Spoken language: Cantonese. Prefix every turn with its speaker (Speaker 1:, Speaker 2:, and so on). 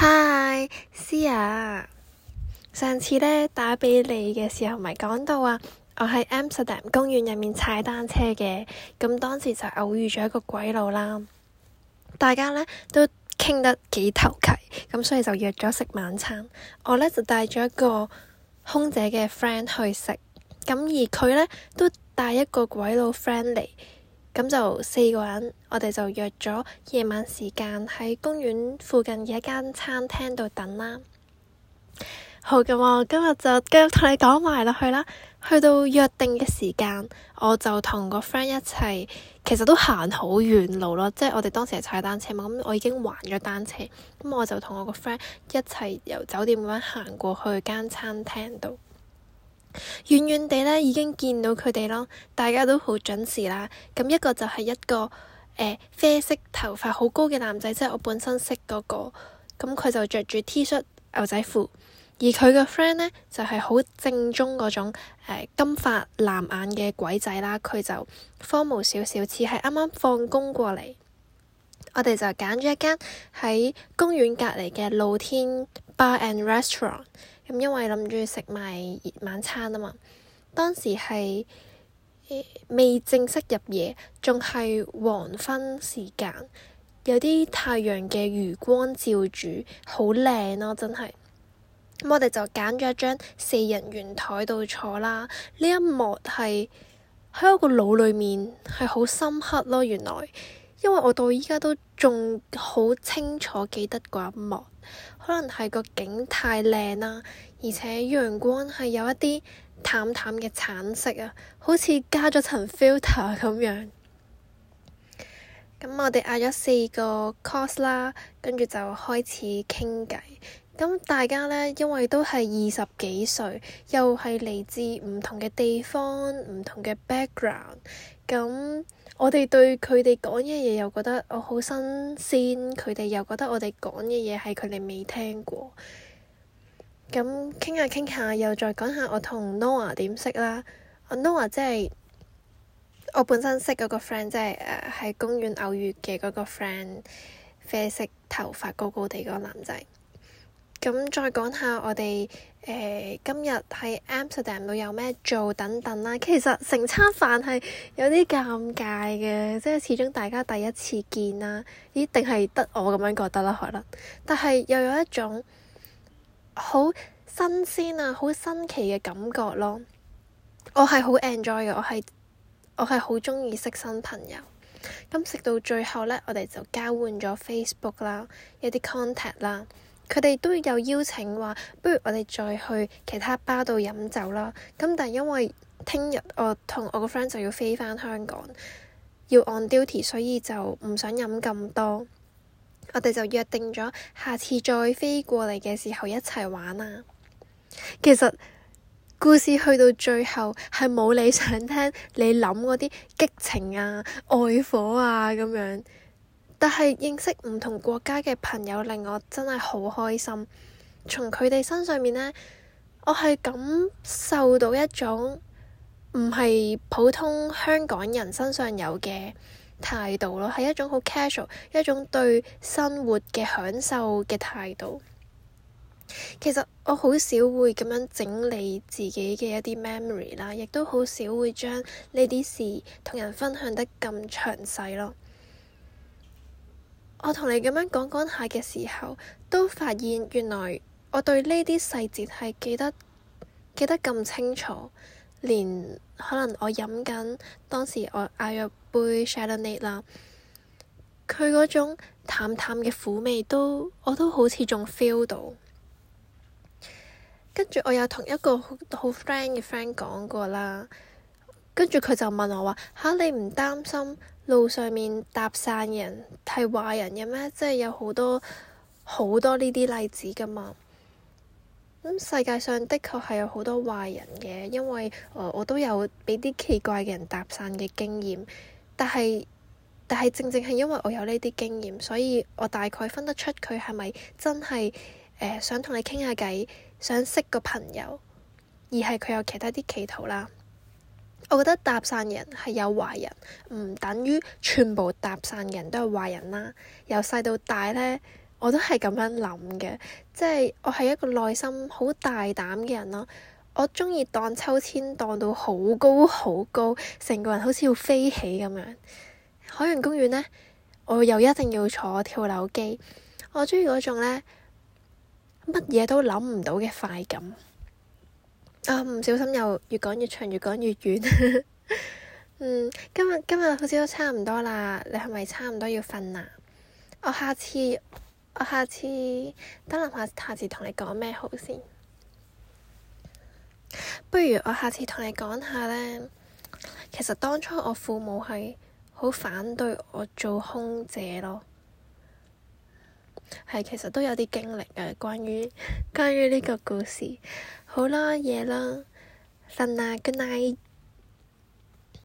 Speaker 1: Hi，Sia，上次咧打畀你嘅時候，咪講到啊，我喺 Amsterdam 公園入面踩單車嘅，咁當時就偶遇咗一個鬼佬啦，大家咧都傾得幾投契，咁所以就約咗食晚餐。我咧就帶咗一個空姐嘅 friend 去食，咁而佢咧都帶一個鬼佬 friend 嚟。咁就四個人，我哋就約咗夜晚時間喺公園附近嘅一間餐廳度等啦。好嘅，我今日就繼續同你講埋落去啦。去到約定嘅時間，我就同個 friend 一齊，其實都行好遠路咯，即係我哋當時係踩單車嘛。咁我已經還咗單車，咁我就同我個 friend 一齊由酒店咁樣行過去間餐廳度。遠遠地咧，已經見到佢哋咯，大家都好準時啦。咁一個就係一個誒、呃、啡色頭髮好高嘅男仔，即係我本身識嗰、那個，咁佢就着住 T 恤牛仔褲，而佢嘅 friend 咧就係、是、好正宗嗰種誒、呃、金髮藍眼嘅鬼仔啦，佢就 formal 少少，似係啱啱放工過嚟。我哋就揀咗一間喺公園隔籬嘅露天 bar and restaurant。咁因為諗住食埋晚餐啊嘛，當時係呃、未正式入夜，仲係黃昏時間，有啲太陽嘅餘光照住，好靚咯，真係。咁、嗯、我哋就揀咗一張四人圓台度坐啦。呢一幕係喺我個腦裏面係好深刻咯、啊。原來。因為我到而家都仲好清楚記得嗰一幕，可能係個景太靚啦，而且陽光係有一啲淡淡嘅橙色啊，好似加咗層 filter 咁樣。咁 我哋嗌咗四個 course 啦，跟住就開始傾偈。咁大家咧，因為都係二十幾歲，又係嚟自唔同嘅地方、唔同嘅 background。咁我哋對佢哋講嘅嘢又覺得我好新鮮，佢哋又覺得我哋講嘅嘢係佢哋未聽過。咁傾下傾下，又再講下我同 Noah 點識啦。Noah 即係我本身識嗰個 friend，即係誒喺公園偶遇嘅嗰個 friend，啡色頭髮高高地嗰個男仔。咁再講下我哋誒、呃、今日喺 Amsterdam 度有咩做等等啦。其實成餐飯係有啲尷尬嘅，即係始終大家第一次見啦。一定係得我咁樣覺得啦，可能。但係又有一種好新鮮啊、好新奇嘅感覺咯。我係好 enjoy 嘅，我係我係好中意識新朋友。咁食到最後咧，我哋就交換咗 Facebook 啦，一啲 contact 啦。佢哋都有邀請話，不如我哋再去其他巴度飲酒啦。咁但係因為聽日我同我個 friend 就要飛翻香港，要 on duty，所以就唔想飲咁多。我哋就約定咗下次再飛過嚟嘅時候一齊玩啊。其實故事去到最後係冇你想聽，你諗嗰啲激情啊、愛火啊咁樣。但係認識唔同國家嘅朋友，令我真係好開心。從佢哋身上面咧，我係感受到一種唔係普通香港人身上有嘅態度咯，係一種好 casual，一種對生活嘅享受嘅態度。其實我好少會咁樣整理自己嘅一啲 memory 啦，亦都好少會將呢啲事同人分享得咁詳細咯。我同你咁樣講講下嘅時候，都發現原來我對呢啲細節係記得記得咁清楚，連可能我飲緊當時我嗌咗杯 Chardonnay 啦，佢嗰種淡淡嘅苦味都我都好似仲 feel 到。跟住我有同一個好好 friend 嘅 friend 講過啦。跟住佢就問我話：嚇你唔擔心路上面搭訕嘅人係壞人嘅咩？即係有好多好多呢啲例子㗎嘛。咁、嗯、世界上的確係有好多壞人嘅，因為、呃、我都有俾啲奇怪嘅人搭訕嘅經驗。但係但係正正係因為我有呢啲經驗，所以我大概分得出佢係咪真係誒想同你傾下偈，想，聊聊想識個朋友，而係佢有其他啲企圖啦。我覺得搭訕人係有壞人，唔等於全部搭訕人都係壞人啦。由細到大咧，我都係咁樣諗嘅，即係我係一個內心好大膽嘅人咯。我中意盪秋千盪到好高好高，成個人好似要飛起咁樣。海洋公園咧，我又一定要坐跳樓機。我中意嗰種咧，乜嘢都諗唔到嘅快感。啊！哦、唔小心又越講越長，越講越遠。 嗯，今日今日好似都差唔多啦。你係咪差唔多要瞓啦？我下次我下次等下下次同你講咩好先？不如我下次同你講下咧，其實當初我父母係好反對我做空姐咯。係，其實都有啲經歷嘅，關於關於呢個故事，好啦，夜啦 Yeah. 了，瞓啦，good night。